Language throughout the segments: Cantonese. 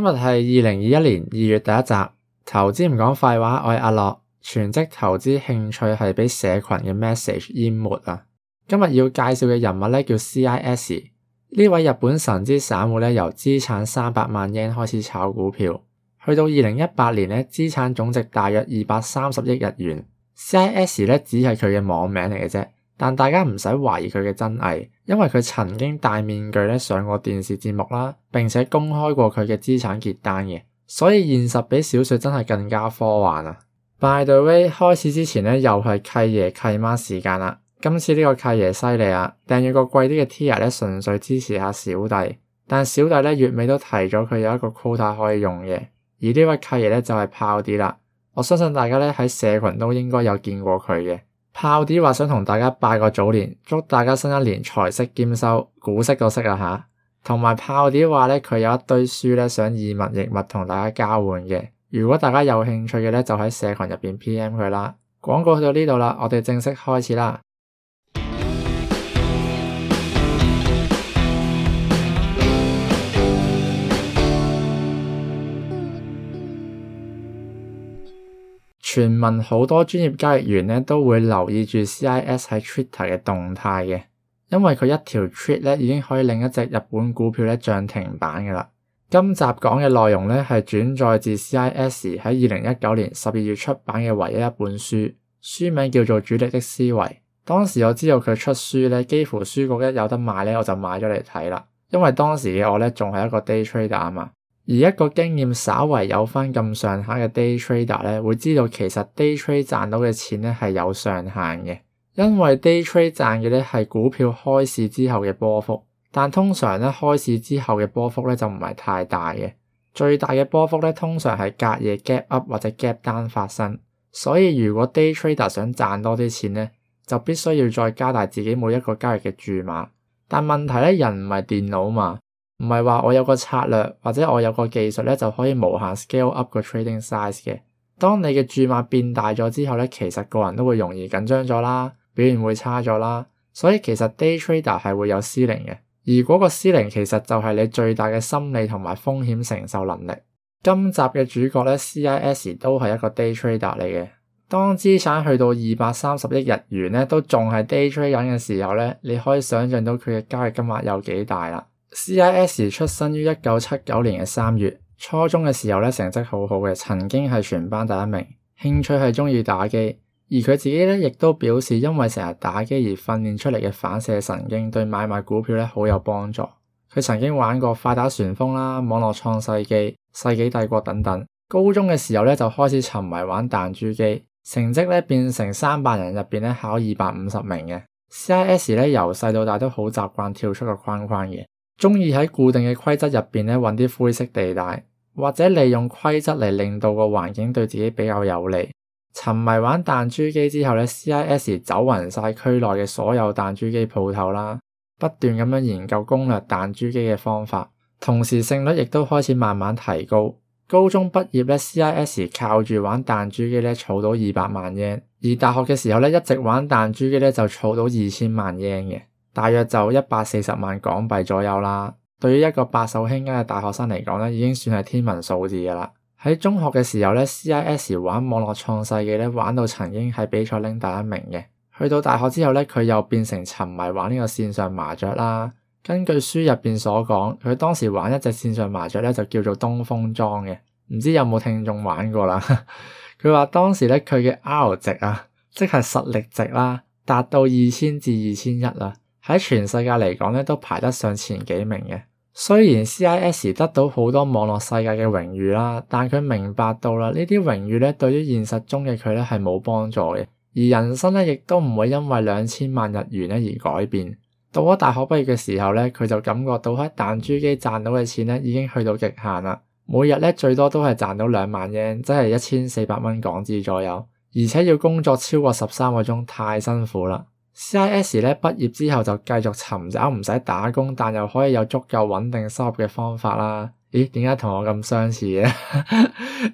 今日係二零二一年二月第一集，投資唔講廢話，我係阿樂，全職投資興趣係被社群嘅 message 淹沒啊！今日要介紹嘅人物咧叫 CIS，呢位日本神之散戶咧由資產三百萬英 e 開始炒股票，去到二零一八年咧資產總值大約二百三十億日元，CIS 咧只係佢嘅網名嚟嘅啫。但大家唔使懷疑佢嘅真偽，因為佢曾經戴面具咧上過電視節目啦，並且公開過佢嘅資產結單嘅。所以現實比小説真係更加科幻啊！By the way，開始之前咧又係契爺契媽時間啦。今次呢個契爺犀利啊，訂閱個貴啲嘅 Tier 咧，純粹支持下小弟。但小弟咧月尾都提咗佢有一個 quota 可以用嘅，而呢位契爺咧就係炮啲 w 啦。我相信大家咧喺社群都應該有見過佢嘅。炮爹話想同大家拜個早年，祝大家新一年財色兼收，股色都色啦嚇。同埋炮爹話呢，佢有，有一堆書呢，想以物易物同大家交換嘅。如果大家有興趣嘅呢，就喺社群入邊 PM 佢啦。廣告去到呢度啦，我哋正式開始啦。全民好多專業交易員咧都會留意住 CIS 喺 Twitter 嘅動態嘅，因為佢一條 tweet 咧已經可以令一隻日本股票咧漲停板㗎喇。今集講嘅內容咧係轉載自 CIS 喺二零一九年十二月出版嘅唯一一本書，書名叫做《主力的思維》。當時我知道佢出書咧，幾乎書局一有得賣咧，我就買咗嚟睇啦，因為當時嘅我咧仲係一個 day trader 啊嘛。而一個經驗稍為有翻咁上下嘅 day trader 咧，會知道其實 day trader 賺到嘅錢咧係有上限嘅，因為 day trader 賺嘅咧係股票開市之後嘅波幅，但通常咧開市之後嘅波幅咧就唔係太大嘅，最大嘅波幅咧通常係隔夜 gap up 或者 gap down 發生，所以如果 day trader 想賺多啲錢咧，就必須要再加大自己每一個交易嘅注碼，但問題咧人唔係電腦嘛。唔係話我有個策略或者我有個技術咧就可以無限 scale up 個 trading size 嘅。當你嘅注碼變大咗之後咧，其實個人都會容易緊張咗啦，表現會差咗啦。所以其實 day trader 係會有 ceiling 嘅，而嗰個 ceiling 其實就係你最大嘅心理同埋風險承受能力。今集嘅主角咧，CIS 都係一個 day trader 嚟嘅。當資產去到二百三十億日元咧，都仲係 day trader 嘅時候咧，你可以想象到佢嘅交易金額有幾大啦。CIS 出生於一九七九年嘅三月，初中嘅時候呢，成績好好嘅，曾經係全班第一名。興趣係中意打機，而佢自己呢，亦都表示，因為成日打機而訓練出嚟嘅反射神經對買賣股票呢，好有幫助。佢曾經玩過快打旋風啦、網絡創世紀、世紀帝國等等。高中嘅時候呢，就開始沉迷玩彈珠機，成績呢變成三百人入邊呢考，二百五十名嘅。CIS 呢，由細到大都好習慣跳出個框框嘅。中意→鍾意喺固定嘅規則入邊咧揾啲灰色地帶，或者利用規則嚟令到個環境對自己比較有利。沉迷玩彈珠機之後呢 CIS 走勻曬區內嘅所有彈珠機鋪頭啦，不斷咁樣研究攻略彈珠機嘅方法，同時勝率亦都開始慢慢提高。高中畢業呢 CIS 靠住玩彈珠機呢儲到二百萬日圓，而大學嘅時候呢，一直玩彈珠機呢就儲到二千萬日圓嘅。大約就一百四十萬港幣左右啦。對於一個白手興家嘅大學生嚟講咧，已經算係天文數字噶啦。喺中學嘅時候咧，CIS 玩網絡創世紀咧，玩到曾經係比賽拎第一名嘅。去到大學之後咧，佢又變成沉迷玩呢個線上麻雀啦。根據書入邊所講，佢當時玩一隻線上麻雀咧，就叫做東風莊嘅，唔知有冇聽眾玩過啦。佢 話當時咧，佢嘅 R 值啊，即係實力值啦，達到二千至二千一啦。喺全世界嚟講咧，都排得上前幾名嘅。雖然 CIS 得到好多網絡世界嘅榮譽啦，但佢明白到啦，呢啲榮譽咧對於現實中嘅佢咧係冇幫助嘅。而人生咧亦都唔會因為兩千萬日元咧而改變。到咗大學畢業嘅時候咧，佢就感覺到喺彈珠機賺到嘅錢咧已經去到極限啦。每日咧最多都係賺到兩萬 y 即係一千四百蚊港紙左右，而且要工作超過十三個鐘，太辛苦啦。CIS 咧畢業之後就繼續尋找唔使打工但又可以有足夠穩定收入嘅方法啦。咦？點解同我咁相似嘅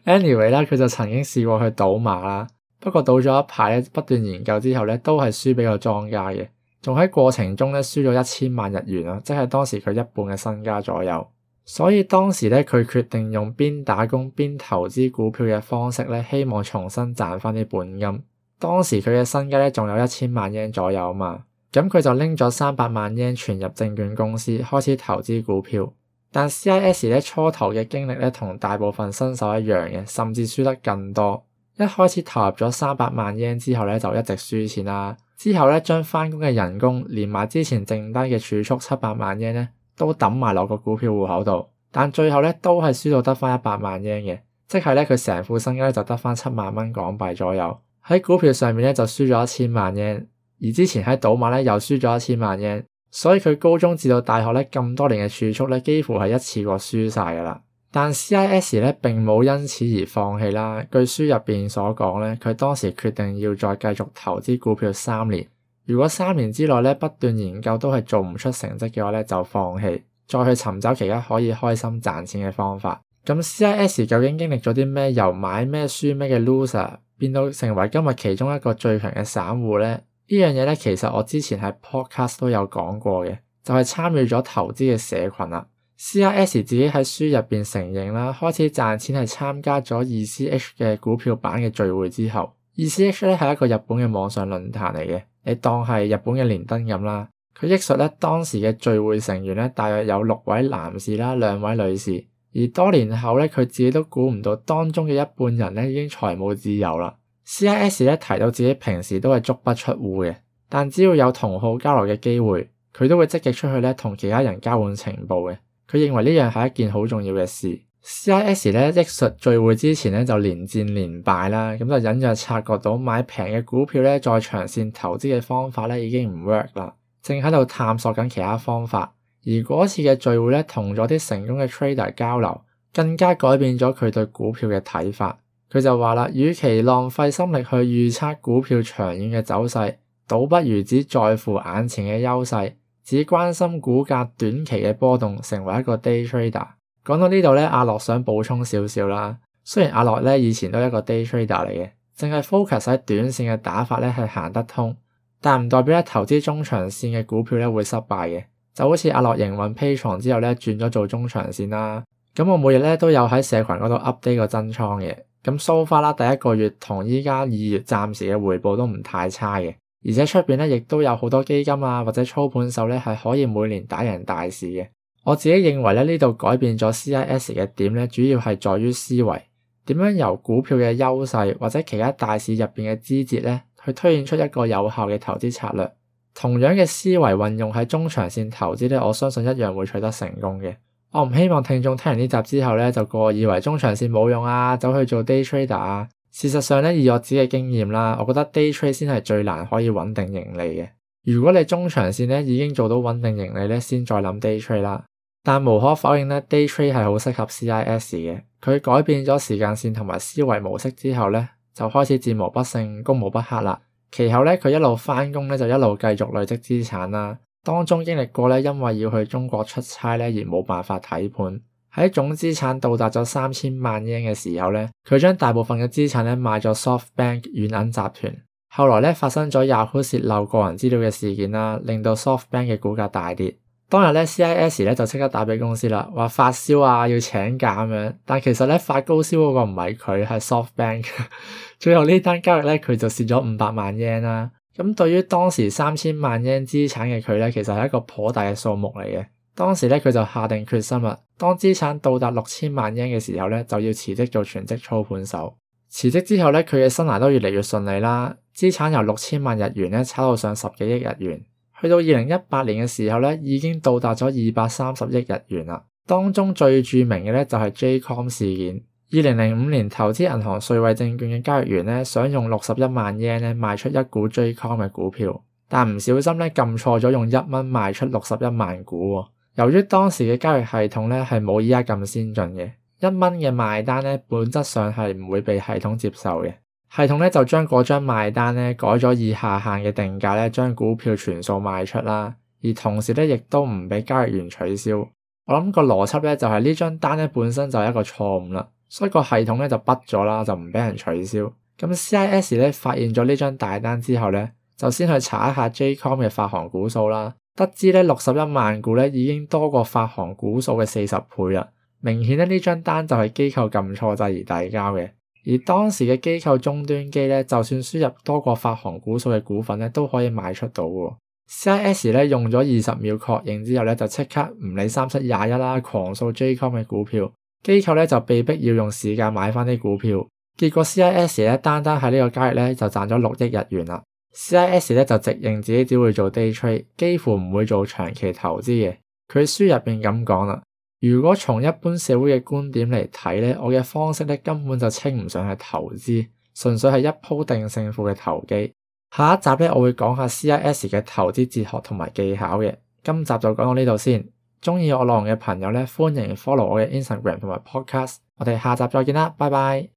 ？Anyway 咧，佢就曾經試過去賭馬啦，不過賭咗一排，不斷研究之後咧，都係輸俾個莊家嘅，仲喺過程中咧輸咗一千萬日元啊，即係當時佢一半嘅身家左右。所以當時咧，佢決定用邊打工邊投資股票嘅方式咧，希望重新賺翻啲本金。當時佢嘅身家咧仲有一千萬英左右嘛，咁佢就拎咗三百萬英存入證券公司，開始投資股票。但 CIS 咧初頭嘅經歷咧同大部分新手一樣嘅，甚至輸得更多。一開始投入咗三百萬英之後咧就一直輸錢啦。之後咧將翻工嘅人工連埋之前剩低嘅儲蓄七百萬英咧都抌埋落個股票戶口度，但最後咧都係輸到得翻一百萬英嘅，即係咧佢成副身家咧就得翻七萬蚊港幣左右。喺股票上面咧就輸咗一千萬日圓，而之前喺賭馬咧又輸咗一千萬日圓，所以佢高中至到大學咧咁多年嘅儲蓄咧幾乎係一次過輸晒噶啦。但 CIS 咧並冇因此而放棄啦。據書入邊所講咧，佢當時決定要再繼續投資股票三年，如果三年之內咧不斷研究都係做唔出成績嘅話咧就放棄，再去尋找其他可以開心賺錢嘅方法。咁 CIS 究竟經歷咗啲咩？由買咩輸咩嘅 loser 變到成為今日其中一個最強嘅散戶咧？呢樣嘢咧，其實我之前喺 podcast 都有講過嘅，就係、是、參與咗投資嘅社群啦。CIS 自己喺書入邊承認啦，開始賺錢係參加咗二 ch 嘅股票版嘅聚會之後，二 ch 咧係一個日本嘅網上論壇嚟嘅，你當係日本嘅連登咁啦。佢憶述咧，當時嘅聚會成員咧，大約有六位男士啦，兩位女士。而多年後咧，佢自己都估唔到當中嘅一半人咧已經財務自由啦。CIS 咧提到自己平時都係足不出戶嘅，但只要有同好交流嘅機會，佢都會積極出去咧同其他人交換情報嘅。佢認為呢樣係一件好重要嘅事。CIS 咧藝術聚會之前咧就連戰連敗啦，咁就隱約察覺到買平嘅股票咧再長線投資嘅方法咧已經唔 work 啦，正喺度探索緊其他方法。而嗰次嘅聚會咧，同咗啲成功嘅 trader 交流，更加改變咗佢對股票嘅睇法。佢就話啦，與其浪費心力去預測股票長遠嘅走勢，倒不如只在乎眼前嘅優勢，只關心股價短期嘅波動，成為一個 day trader。講到呢度咧，阿樂想補充少少啦。雖然阿樂咧以前都係一個 day trader 嚟嘅，淨係 focus 喺短線嘅打法咧係行得通，但唔代表咧投資中長線嘅股票咧會失敗嘅。就好似阿洛營運 Patreon 之後咧，轉咗做中長線啦。咁我每日咧都有喺社群嗰度 update 個增倉嘅。咁 so far 啦，第一個月同依家二月暫時嘅回報都唔太差嘅。而且出邊咧亦都有好多基金啊，或者操盤手咧係可以每年打贏大市嘅。我自己認為咧，呢度改變咗 CIS 嘅點咧，主要係在於思維，點樣由股票嘅優勢或者其他大市入邊嘅枝節咧，去推演出一個有效嘅投資策略。同樣嘅思維運用喺中長線投資咧，我相信一樣會取得成功嘅。我唔希望聽眾聽完呢集之後咧，就過以為中長線冇用啊，走去做 day trader 啊。事實上咧，以我自己嘅經驗啦，我覺得 day trade 先係最難可以穩定盈利嘅。如果你中長線咧已經做到穩定盈利咧，先再諗 day trade 啦。但無可否認咧，day trade 係好適合 CIS 嘅。佢改變咗時間線同埋思維模式之後咧，就開始戰無不勝、攻無不克啦。其後咧，佢一路返工咧，就一路繼續累積資產啦。當中經歷過咧，因為要去中國出差咧，而冇辦法睇盤。喺總資產到達咗三千萬日圓嘅時候咧，佢將大部分嘅資產咧，買咗 SoftBank 軟銀集團。後來咧，發生咗 Yahoo 洩漏個人資料嘅事件啦，令到 SoftBank 嘅股價大跌。當日咧，CIS 咧就即刻打俾公司啦，話發燒啊，要請假咁樣。但其實咧，發高燒嗰個唔係佢，係 Softbank。 最後呢單交易咧，佢就蝕咗五百萬 yen 啦。咁對於當時三千萬 yen 資產嘅佢咧，其實係一個頗大嘅數目嚟嘅。當時咧，佢就下定決心啦。當資產到達六千萬 yen 嘅時候咧，就要辭職做全職操盤手。辭職之後咧，佢嘅生涯都越嚟越順利啦。資產由六千萬日元咧，炒到上十幾億日元。去到二零一八年嘅時候咧，已經到達咗二百三十億日元啦。當中最著名嘅咧就係 JCOM 事件。二零零五年，投資銀行瑞穗證券嘅交易員咧，想用六十一萬日圓咧賣出一股 JCOM 嘅股票，但唔小心咧撳錯咗，用一蚊賣出六十一萬股。由於當時嘅交易系統咧係冇依家咁先進嘅，一蚊嘅賣單咧本質上係唔會被系統接受嘅。系統咧就將嗰張賣單咧改咗以下限嘅定價咧，將股票全數賣出啦。而同時咧，亦都唔俾交易員取消。我諗個邏輯咧就係呢張單咧本身就係一個錯誤啦，所以個系統咧就畢咗啦，就唔俾人取消。咁 CIS 咧發現咗呢張大單之後咧，就先去查一下 JCOM 嘅發行股數啦，得知咧六十一萬股咧已經多過發行股數嘅四十倍啦。明顯咧呢張單就係機構撳錯掣而遞交嘅。而當時嘅機構終端機呢，就算輸入多個發行股數嘅股份呢，都可以賣出到喎。CIS 咧用咗二十秒確認之後呢，就即刻唔理三七廿一啦，狂掃 JCOM 嘅股票。機構呢就被逼要用時間買翻啲股票，結果 CIS 呢單單喺呢個交易呢就賺咗六億日元啦。CIS 呢就直認自己只會做 day trade，幾乎唔會做長期投資嘅。佢書入面咁講啦。如果從一般社會嘅觀點嚟睇咧，我嘅方式咧根本就稱唔上係投資，純粹係一鋪定勝負嘅投機。下一集咧，我會講下 CIS 嘅投資哲學同埋技巧嘅。今集就講到呢度先。鍾意我內容嘅朋友咧，歡迎 follow 我嘅 Instagram 同埋 Podcast。我哋下集再見啦，拜拜。